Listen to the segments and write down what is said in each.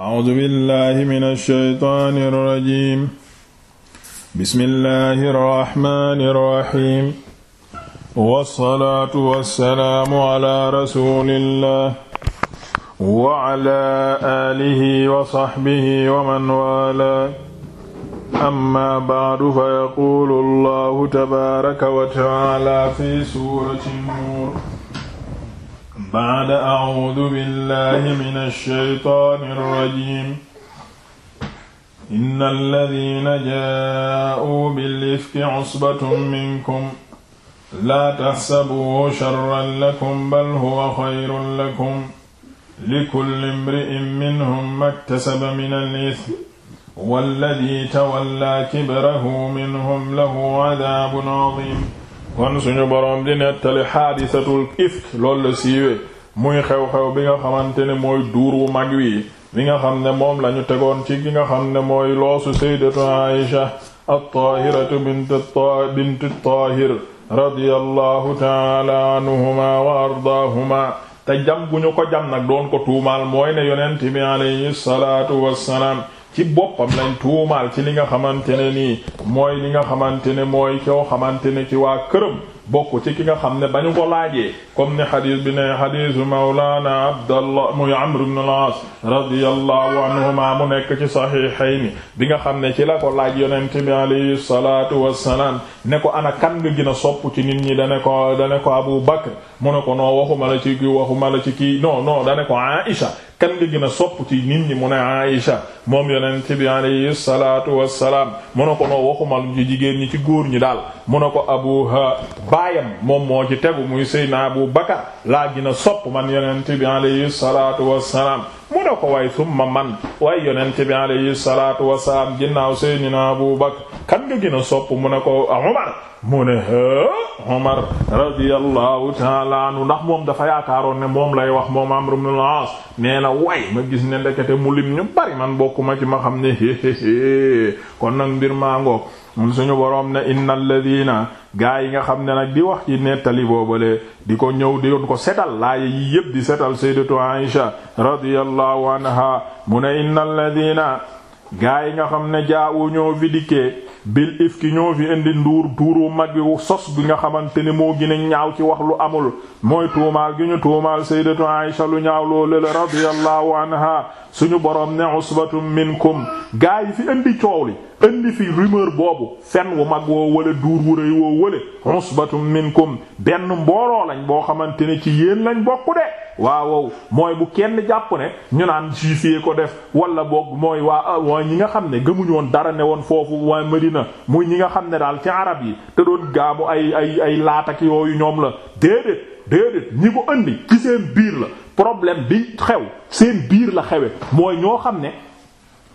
a'uudu billahi mina shaytaani rajiim bismillahi rahmaani rahiim wassalaatu wassalaamu ala rasuulillah wa ala aalihi wa sahbihi wa man waalaa amma ba'du fa yaquulu allahu tabaaraka wa ta'aala fi suurati nuur baada acuudu billahi mina shaytaani rajiim inna alladiina jaa'uu bil ifki cusbatun minkum laa taxsabuuhu sharran lakum bal huwa xayrun lakum likulli imri'in minhum maktasaba minal ismi walladii tawallaa kibrahu minhum lahu cadaabun cadiim kon suñu boroom di nettali xaadisatul ifk loolu la siiwee muy xew-xew bi nga xamante ne mooy duur wu mag wi bi nga xam ne moom lañu tegoon ci gi nga xam ne mooy loosu sayyidatu Aïsha at-Taahiratu bint bint Taahir radiyallahu ta'ala anhuma wa ardaahuma te jam gu ñu ko jam nag doon ko tuumaal mooy ne yonent bi alayhi salaatu wassalaam ci boppam lañ tuumaal ci li nga xamante ne nii mooy li nga xamante ne mooy koo xamante ne ci waa këram bokk ci ki nga xam ne ba ko laajee comme ni xadiis bi ne xadiisu mawlaana abdallah muy amr ibn al-aas radiyallahu anhuma mu nekk ci saxiixayni bi nga xam ne ci la ko laaj yonent bi alayhi salaatu wassalaam ne ko ana kan nga gën a sopp ci nit ñi dane ko dane ko abu bakr mu ne ko no waxuma mala ci kii waxuma la ci kii non non ko aisha kan nga gën a sopp ci nit ñi mu moom yonent bi alayhi salaatu wassalaam mu ne ko noo waxumal ci jigéen ñi ci góor ñi daal mu ne ko abuha baayam moom moo ci tegu muy Seydina Abu Bakar laa gina a man yonent bi alayhi salaatu wassalaam mu ne ko way summa man way yonent bi alayhi salatu wasalaam ginnaaw seydina Abu Bakr kan nga gën sopp mu ne ko ah, Umar mu ne Umar radiyallahu taala ndax moom dafa yaakaaroon ne moom lay wax moom Amr ibn al-As nee na way ma gis ne ndekete mu lim ñu bari man bokkuma ci ma xam ne kon nag mbir maa ngoog mun suñu boroom ne innal ladina gaa yi nga xam ne nag di wax ci nettali boobale di ko ñëw di ko setal laaya yi yépp di setal sayyidatu Aisha radiyallahu anha mu ne innal ladina gaa yi nga xam ne jaawu ñoo fi dikkee bil ifki ñoo fi indi nduur tuuru mag wi sos bi nga xamante ni moo gën a ñaaw ci wax lu amul mooy tuumaal gi ñu tuumaal sayyidatu Aisha lu ñaaw loolu la radiyallahu anha suñu borom ne usbatum minkum gaa yi fi indi coow li indi fi rumeur boobu fen wu mag woo wale duur wu rëy woo wale usbatum minkum benn mbooloo lañ boo xamante ne ci yéen lañ bokk de waawow mooy bu kenn jàpp ne ñu naan juifee ko def wala boog mooy waa ah, waa ñi nga xam ne gëmuñu woon dara ne woon foofu waa Medina muy ñi nga xam ne daal ci arab yi te doon gaamu ay ay ay laatak yooyu ñoom la déedéet déedéet ñi ko indi ci seen biir la problème bi xew seen biir la xewe mooy ñoo xam ne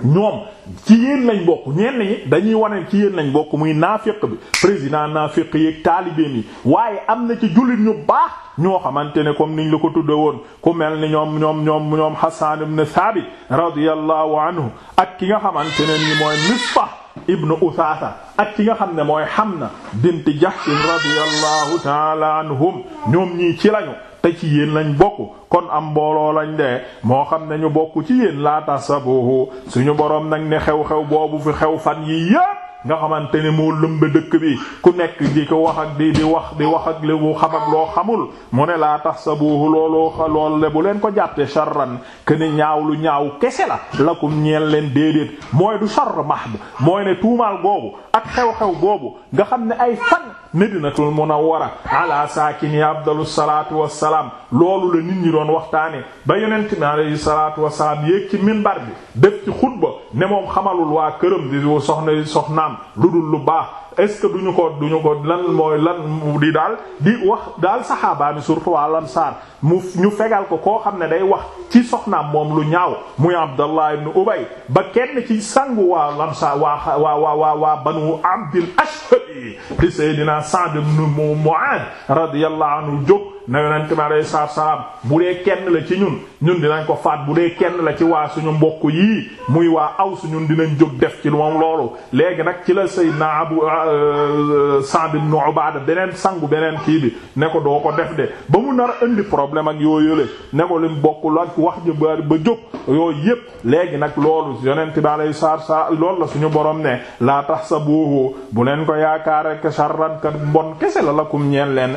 ñoom ci yéen lañ bokk ñenn ñi dañuy wane ci yéen nañ bokk muy naafiq bi président naafiq yeeg taalibeem yi waaye am na ci julit ñu baax ñoo xamante ne comme niñ la ko tudde woon ku mel ni ñoom ñoom ñoom ñoom Hassan ibn Thabit radiyallahu anhu ak ki nga xamante ne ni mooy Misbah ibn Uthatha ak ki nga xam ne mooy xam na Hamna bint Jahsh radiyallahu ta'ala anhum ñoom ñii ci lañu tey ci yéen lañ bokk kon am mbooloo lañ de moo xam nañu bokk ci yéen laa tasabuhu suñu boroom nag ni xew-xew boobu fi xew fan yi yépp nga xamante ne moo lëmb dëkk bi ku nekk di ko wax ak di di wax di wax ak lu xam ak loo xamul mu ne laa tax sabuhu looloo lool le bu leen ko jàppee charran que ne ñaaw lu ñaaw kese la lakum ñeel leen déedéet mooy du charr mahd mooy ne tuumaal googu ak xew-xew boobu nga xam ne ay fan Madinatul Munawwara ala saakini afdalu salaatu wassalaam loolu la nit ñi doon waxtaane ba yonent bi alayhi salaatu wassalaam yéeg ci minbar bi def ci xutba ne moom xamalul waa këram di soxna soxnaam lu dul lu baax est ce que duñu ko duñu ko lan mooy lan di daal di wax daal saxaabaa mi surtout waa lansaar mu ñu fegal ko koo xam ne day wax ci soxnaam moom lu ñaaw muy Abdallah ibn Ubay ba kenn ci sangu waa lansaar waa waa waa waa banu Abdil Ashhali di Seydina Sa'd ibn Mu'adh radiyallahu anhu jóg na yonent mi alayhi salaatu salaam bu dee kenn la ci ñun ñun dinañ ko faat bu dee kenn la ci waa suñu mbokk yii muy waa Aws ñun dinañ jóg def ci moom loolu léegi nag ci la sey naa Seydina Abu euh, euh, Sa'd ibn Ubaada beneen sangu beneen kii bi ne ko doo ko def de ba mu nar a indi problème ak yooyu yële ne ko lim bokkul ak wax ju bari ba jóg yooyu yépp léegi nag loolu yonent bi alayhi salaatu salaam loolu la suñu borom ne laa tahsabuhu bu leen ko yaakaar ak sharran mbon kese la lakum ñeen leen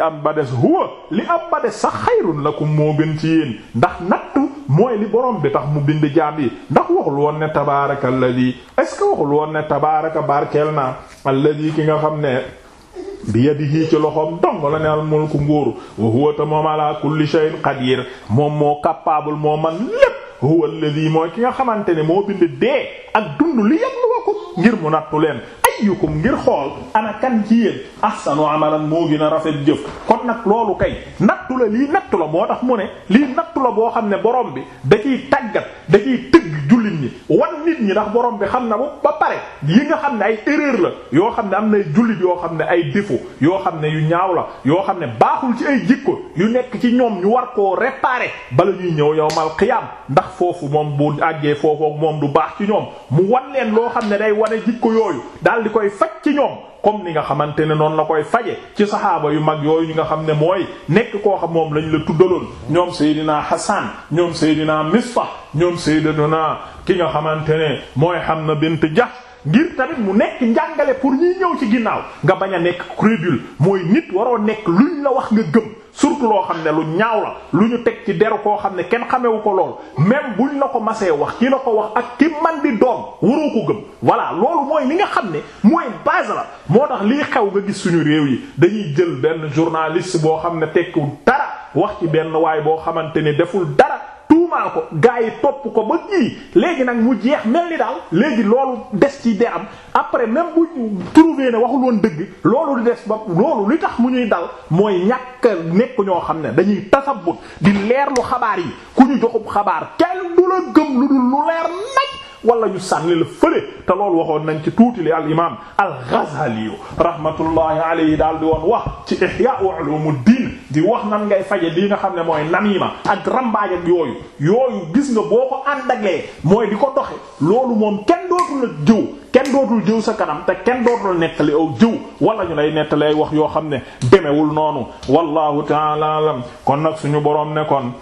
am ba des huwa li am ba de sax xayrun lakum moo gën ci yéen ndax nattu mooy li borom bi tax mu bind jaam yi ndax waxul woon ne tabaaraka alladi est-ce que waxul woon ne tabaaraka barkeel na alladi ki nga xam ne bi yadihi ci loxoom dong la ne al mulku nguur wa huwa ta moom ala kulli shay'in qadir moom moo capable moo man lépp huwa alladi mooy ki nga xamante ne moo bind dee ak dund li yàlla waxu ngir mu nattu leen ayyukum ngir xool ana ci yéen ahsanu amalan moo gën a rafet jëf nag loolu kay nattu la lii nattu la moo tax mu ne lii nattu la boo xam ne borom bi dafay tàggat dafay ciy tëgg julli ñi wan nit ñi ndax borom bi xam na bu ba pare yi nga xam ne ay erreur la yoo xam ne am nay jullit yoo xam ne ay défaut yoo xam ne yu ñaaw la yoo xam ne baaxul ci ay jikko yu nekk ci ñoom ñu war koo réparer bala ñuy ñëw yowmal qiyaam ndax foofu moom bu àggee foofu ak moom du baax ci ñoom mu wan leen loo xam ne day wane jikko yooyu daal di koy faj ci ñoom comme ni nga xamante ne noonu la koy faje ci saxaaba yu mag yooyu ñu nga xam ne mooy nekk koo xam moom lañ la tuddaloon ñoom Seydina Hassan ñoom Seydina Misbah ñoom Seydina ki nga xamante ne mooy na bint jax ngir tamit mu nekk njàngale pour ñi ñëw ci ginnaaw nga bañ a nekk crédule mooy nit waroo nekk luñ la wax nga gëm surtout loo xam ne lu ñaaw la lu ñu teg ci deru koo xam ne kenn xamewu ko lool même buñ la ko masee wax ki la ko wax ak ki man di doom waroo ko gëm voilà loolu mooy li nga xam ne mooy base la moo tax lii xew nga gis suñu réew yi dañuy jël benn journaliste boo xam ne teg tekkiwul dara wax ci benn waay boo xamante ne deful dara tuumaal ko gaa yi topp ko ba kii léegi nag mu jeex mel ni daal léegi loolu des ci deram après même bu trouvé na waxul dëgg loolu di des ba loolu li tax mu ñuy dal mooy ñàkk nekk ñoo xam ne dañuy tasabut di leerlu xabaar yi ku ñu joxub xabaar kenn du la gëm lu dul lu leer nag wala ñu sànni la fële te loolu waxoon nañ ci tuuti li al imaam al Ghazali rahmatullahi alayhi daal di woon wax ci Ihya ulumuddin di wax nan ngay faje lii nga xam ne mooy namima ak rambaaj ak yooyu yooyu gis nga boo ko àndagee mooy di ko doxe loolu moom kenn dootul la jëw kenn dootul jëw sa kanam te kenn dootul nettali aw jëw wala ñu lay nettali ay wax yoo xam ne demewul noonu wallahu ta'ala alam kon nag suñu boroom ne kon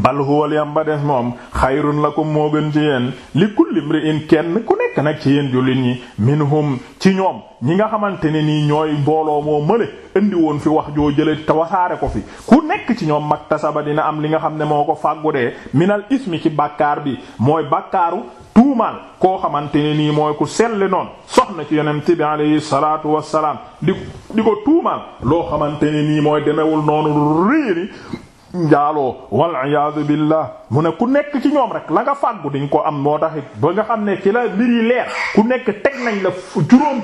bal huwa liyam ba des moom xayrun ko moo gën ci yéen li kulli mri'in kenn ku nekk nag ci yéen jullit ñi minhum ci ñoom ñi nga xamante ne nii ñooy mbooloo moo mële indi woon fi wax joo jële te wasaare ko fi ku nekk ci ñoom mag maktasaba dina am li nga xam ne moo ko fàggu dee minal ismi ci bàkkaar bi mooy bàkkaaru tuumaal koo xamante ne nii mooy ku selli noonu soxna ci yeneen bi alayhi salaatu wassalaam di di ko tuumaal loo xamante ne nii mooy demewul noonu njaaloo wal iyaadu billah mu ne ku nekk ci ñoom rek la nga fàggu diñ ko am moo taxit ba nga xam ne ci la mbir yi leer ku nekk teg nañ la juróom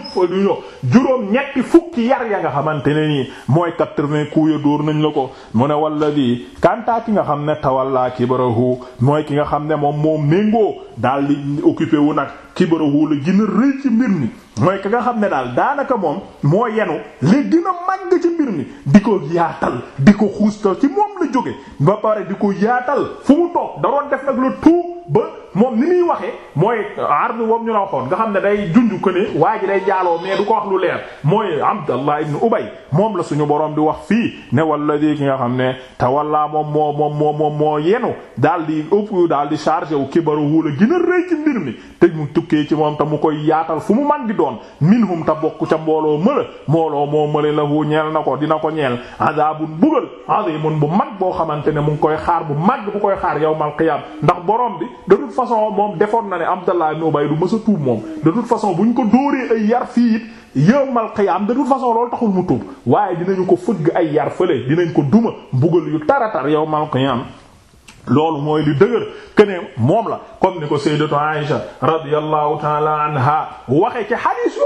juróom ñetti fukki yar ya nga xamante ne nii mooy quatre-vingts coups ya dóor nañ la ko mu ne walla di kantaa ki nga xam ne tawalla kibarahu mooy ki nga xam ne moom moom méngoo daal di occupé wu nag kibarahu la gën a rëy ci mbir mi mooy ka nga xam ne daal daanaka moom moo yenu li dina màgg ci mbir mi di ko yaatal di ko xuusta ci moom la jóge ba pare di ko yaatal fu mu toog da doon def nag lu tuut ba moom ni muy waxee mooy ardu boobu ñu la waxoon nga xam ne day junj ko ne waa ji day jaaloo mais du ko wax lu leer mooy Abdallah ibn Ubay moom la suñu borom di wax fii ne wala di ki nga xam ne te wallaa moom moo moom moo moom moo yenu daal di ëpp daal di chargé wu kibaru wóola gën a rëy mu tukkee ci moom te mu koy yaatal fu man di doon minhum te bokk ca mbooloo mëla mbooloo moo mëla la hu ñeel na ko dina ko ñeel azabun bugal azimun bu mag boo xamante ne mu ngi koy xaar bu mag ku koy xaar yawmal qiyam ndax boroom bi de façon moom defoon na ne Abdallah ibn Ubay du mës a tuub moom de toute façon bu ñu ko dóoree ay yar fii it yawmal qiyaam de toute façon loolu taxul mu tuub waaye dinañu ko fëgg ay yar fële dinañ ko duma mbugal yu taratar yawmal qiyaam loolu mooy li dëgër que moom la comme ni ko sayyidatu Aisha radiyallahu ta'ala anha waxe ci hadith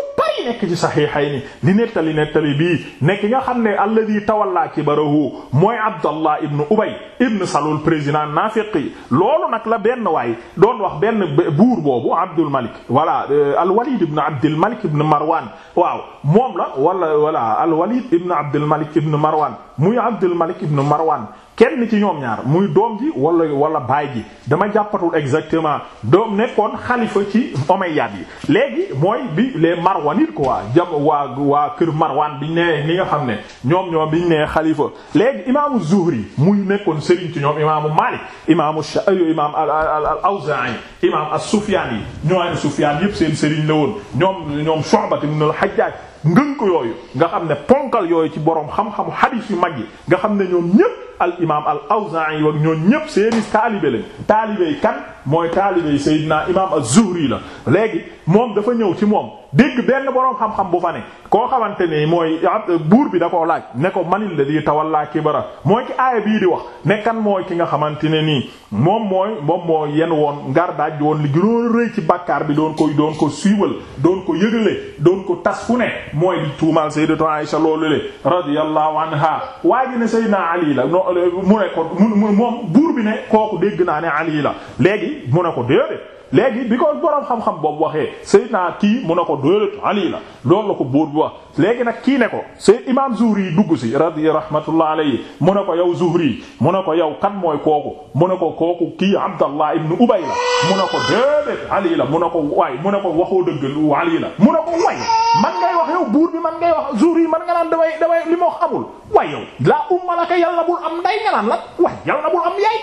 bi nekk ci saxiixayni di nettali nettali bii nekk nga xam ne alladi tawalla kibarahu mooy Abdallah ibn Ubay ibn Salul président naafiqi loolu nag la benn waay doon wax benn buur boobu Abdul Malik voilà euh, al-Walid ibn Abdul Malik ibn Marwan waaw moom la wala voilà al-Walid ibn Abdul Malik ibn Marwan muy Abdul Malik ibn Marwan kenn ci ñoom ñaar muy doom ji wala wala baay ji dama jàppatul exactement doom nekkoon xalifa ci Omeyyad yi léegi mooy bi les marwanit quoi jam waa waa kër marwan bi nee ni nga xam ne ñoom ñoom biñ nee xalifa léegi imaamu Zuhri muy nekkoon sëriñ ci ñoom imaamu Maalik imaamu Shaabi imaam al al al Awzaa'i imaam as-Sufyaan yi ñoo ay Sufyaan seen sëriñ la woon ñoom ñoom Shu'ba ibn al-Hajjaaj ngën ko yooyu nga xam ne ponkal yooyu ci borom xam-xamu hadith yu mag yi nga xam ne ñoom ñépp al imaam al Awzaa'i yi wak ñoom ñépp seeni taalibe lañ taalibe yi kan mooy taalibe yi Seydina Imaam az-Zuhri la léegi moom dafa ñëw ci moom dégg benn boroom xam-xam bu fa ne koo xamante ne mooy buur bi da koo laaj ne ko manil la di tawalla kibara mooy ki aaya bii di wax ne mooy ki nga xamante ne nii moom mooy moom moo yen woon ngar daaj woon li gënoon rëy ci bàkkaar bi doon koy doon ko siiwal doon ko yëgale doon ko tas ku ne mooy di tuumal Sayyidatu Aisha loolu le radiyallahu anha waa ji ne Seydina Ali la mu ne ko moom buur bi ne kooku dégg naa ne Ali la léegi kii mu ne ko déedéet léegi bi ko borom xam-xam boobu waxee Seydina kii mu ne ko déedéet Ali la loolu la ko buur bi wax léegi na kii ne ko Seydina imaam Zuhri yi dugg si radi rahmatullah alayhi mu a ko yow Zuhri mu ne ko yaw kan mooy kooku mu ne ko kooku kii Abdallah ibn Ubay la mu ko déedéet Ali la mu ne ko waay mu waxoo dëgg lu Ali la mu ne ko way man ngay wax yow buur bi man ngay wax Zuhri man a naan damay damay li ma wax amul way yow laa ummalaka yàlla bul am nday nga naan la way yàlla bul am yaay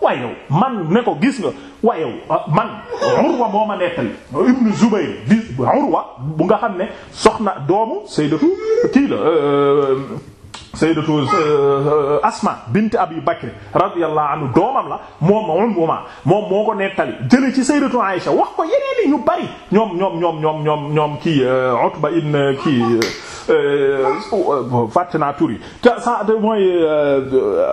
wayow man ne ko gis nga wayow ah, man urwa moo ma nettali ibnu zubayr di urwa bu nga xam ne soxna doomu sayyidatu kii la euh, sayyidatu euh, euh, asma bint abi bakr radiyallahu anhu doomam la moom umuma moom moo ko nettali jële ci sayyidatu aisha wax ko yeneen yi ñu bari ñoom ñoom ñoom ñoom ñoom ñoom kii euh, utba ibn kii fàtte naa tur yi te sa mooy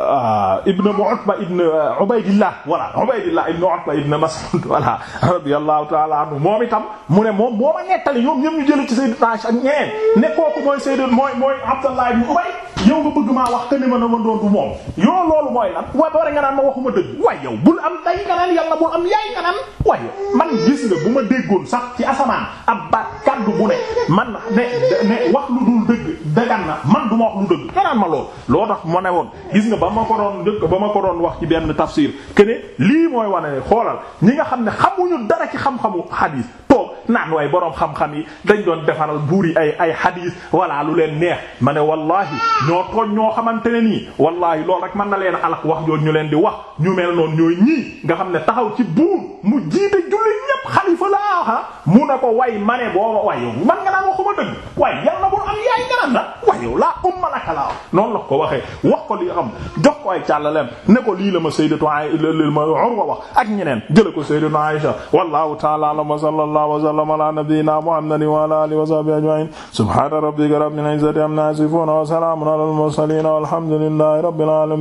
ah, ibn utba ibn ubaydillah voilà ubaydillah ibn utba ibn mas'ud voilà radiyallahu ta'ala anhu moom itam mu ne moom moo ma nettali ñoom ñoom ñu jële mooy mooy mooy abdullah ibn ubay yow nga bëgg maa wax que ni ma ne ma doon du moom yow loolu mooy lan waaye ba pare ma waxuma dëgg waaye yow bul am day nga naan yàlla bul am yaay nga waaye man gis nga bu ma déggoon sax ci asamaan ab baat kaddu bu ne man ne ne wax lu dul dëgg dagan na du ma wax lu dëgg nga naan ma lool loo tax ma ne woon gis nga ba ma ko doon njëkk ba ma ko doon wax ci benn tafsir que ne lii mooy wane ne xoolal ñi nga xam ne xamuñu dara ci xam-xamu xadiis toog naan waaye boroom xam-xam yi dañ doon defaral buur yi ay ay xadiis walla lu leen neex ma ne wallaahi ñoo tooñ ñoo xamante ne nii wallaahi loolu rek mën na leen alak wax jooju ñu leen di wax ñu mel noonu ñooy ñii nga xam ne taxaw ci buur mu jiite julli ñépp xalifa laa mu ne ko way ma ne du dëgg waaye yal na bul am yaay nga naan la waaye yow laa umma laka laa noonu la ko waxee wax ko li xam jox ko ay càllaleem ne ko lii la ma sayyidatu Urwa wax ak ñeneen jële ko sayyidatu Aisha wallahu ta'ala a'lam wa sallallahu wa sallama ala nabiyyina muhammadin wa ala alihi wa sahbihi ajma'in subhana rabbika rabbil izzati amma yasifun wa salamun ala al mursalin walhamdulillahi rabbil alamin